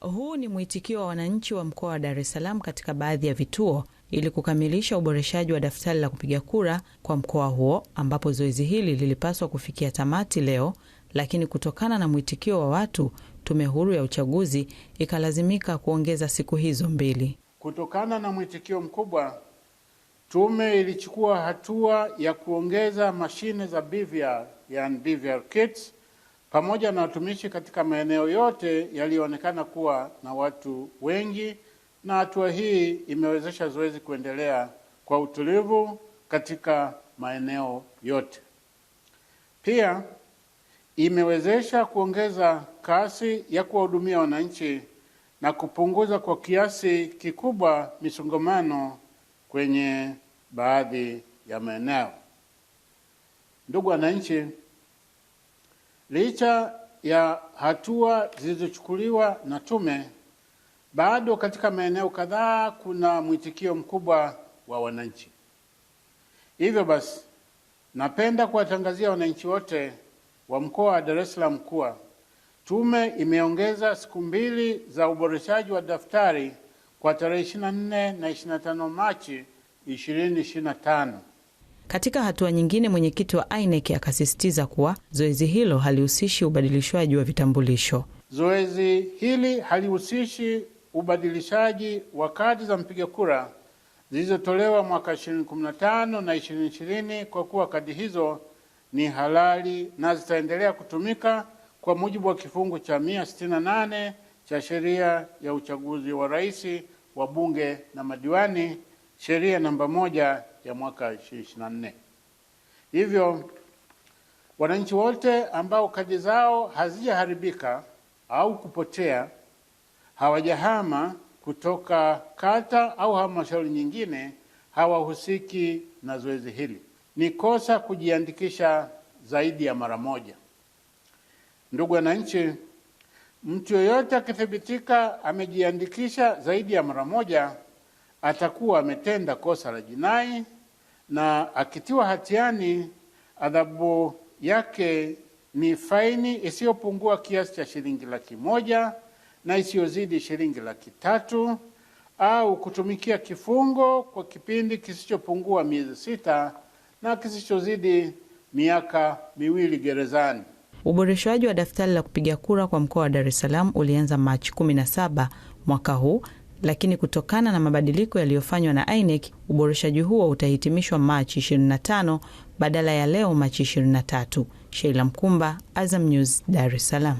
Huu ni mwitikio wa wananchi wa mkoa wa Dar es Salaam katika baadhi ya vituo ili kukamilisha uboreshaji wa daftari la kupiga kura kwa mkoa huo, ambapo zoezi hili lilipaswa kufikia tamati leo, lakini kutokana na mwitikio wa watu, Tume Huru ya Uchaguzi ikalazimika kuongeza siku hizo mbili. Kutokana na mwitikio mkubwa, tume ilichukua hatua ya kuongeza mashine za BVR, yani BVR kits pamoja na watumishi katika maeneo yote yaliyoonekana kuwa na watu wengi, na hatua hii imewezesha zoezi kuendelea kwa utulivu katika maeneo yote. Pia imewezesha kuongeza kasi ya kuwahudumia wananchi na kupunguza kwa kiasi kikubwa misongamano kwenye baadhi ya maeneo. Ndugu wananchi, Licha ya hatua zilizochukuliwa na tume, bado katika maeneo kadhaa kuna mwitikio mkubwa wa wananchi. Hivyo basi, napenda kuwatangazia wananchi wote wa mkoa wa Dar es Salaam kuwa tume imeongeza siku mbili za uboreshaji wa daftari kwa tarehe 24 na 25 Machi 2025. Katika hatua nyingine, mwenyekiti wa INEC akasisitiza kuwa zoezi hilo halihusishi ubadilishwaji wa vitambulisho. Zoezi hili halihusishi ubadilishaji wa kadi za mpiga kura zilizotolewa mwaka 2015 na 2020 kwa kuwa kadi hizo ni halali na zitaendelea kutumika kwa mujibu wa kifungu cha 168 cha sheria ya uchaguzi wa rais, wa bunge na madiwani sheria namba moja ya mwaka 2024. Hivyo wananchi wote ambao kadi zao hazijaharibika au kupotea, hawajahama kutoka kata au halmashauri nyingine, hawahusiki na zoezi hili. Ni kosa kujiandikisha zaidi ya mara moja. Ndugu wananchi, mtu yoyote akithibitika amejiandikisha zaidi ya mara moja atakuwa ametenda kosa la jinai na akitiwa hatiani adhabu yake ni faini isiyopungua kiasi cha shilingi laki moja na isiyozidi shilingi laki tatu au kutumikia kifungo kwa kipindi kisichopungua miezi sita na kisichozidi miaka miwili gerezani. Uboreshaji wa daftari la kupiga kura kwa mkoa wa Dar es Salaam ulianza Machi 17 mwaka huu lakini kutokana na mabadiliko yaliyofanywa na INEC uboreshaji huo utahitimishwa Machi 25 badala ya leo Machi 23. Sheila Mkumba, Azam News, Dar es Salaam.